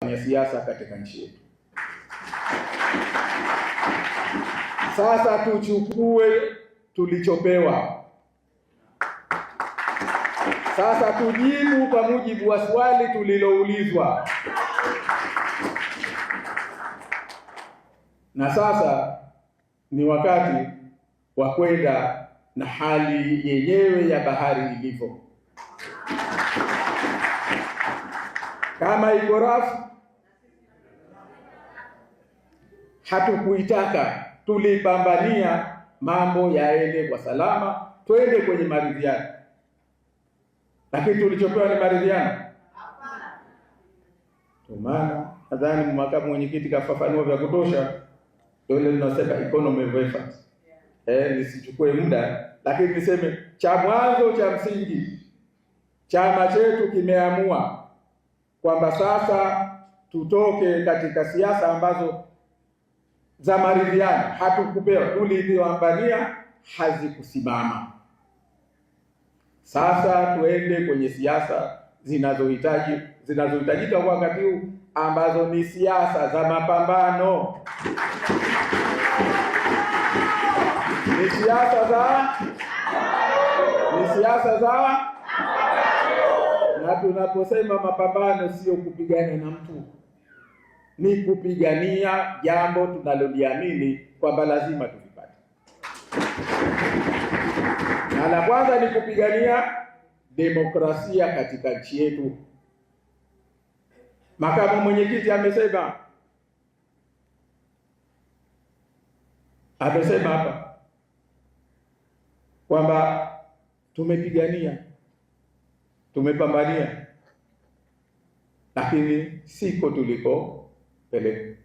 Kwenye siasa katika nchi yetu. Sasa tuchukue tulichopewa. Sasa tujibu kwa mujibu wa swali tuliloulizwa. Na sasa ni wakati wa kwenda na hali yenyewe ya bahari ilivyo. Kama iko rafu hatukuitaka, tulipambania mambo yaende kwa salama, twende kwenye maridhiano, lakini tulichopewa ni maridhiano. Ndio maana nadhani makamu mwenyekiti kafafanua vya kutosha, ndio ile tunasema economy of effort. Eh, nisichukue muda, lakini niseme cha mwanzo cha msingi, chama chetu kimeamua kwamba sasa tutoke katika siasa ambazo za maridhiano, hatukupewa tulivyoambania, hazikusimama. Sasa tuende kwenye siasa zinazohitaji zinazohitajika kwa wakati huu ambazo ni siasa za mapambano, ni siasa za ni siasa za na tunaposema mapambano, sio kupigana na mtu, ni kupigania jambo tunaloliamini kwamba lazima tulipate, na la kwanza ni kupigania demokrasia katika nchi yetu. Makamu mwenyekiti amesema amesema hapa kwamba tumepigania tumepambania, lakini siko tulikopeleka.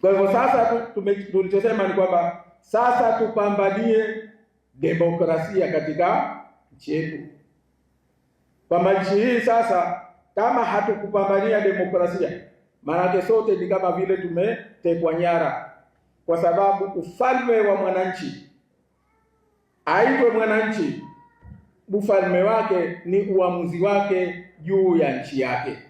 Kwa hivyo sasa tulichosema ni kwamba sasa tupambanie demokrasia katika nchi yetu, kwamba nchi hii sasa, kama hatukupambania demokrasia, maanake sote ni kama vile tumetekwa nyara, kwa sababu ufalme wa mwananchi aitwe mwananchi ufalme wake ni uamuzi wake juu ya nchi yake.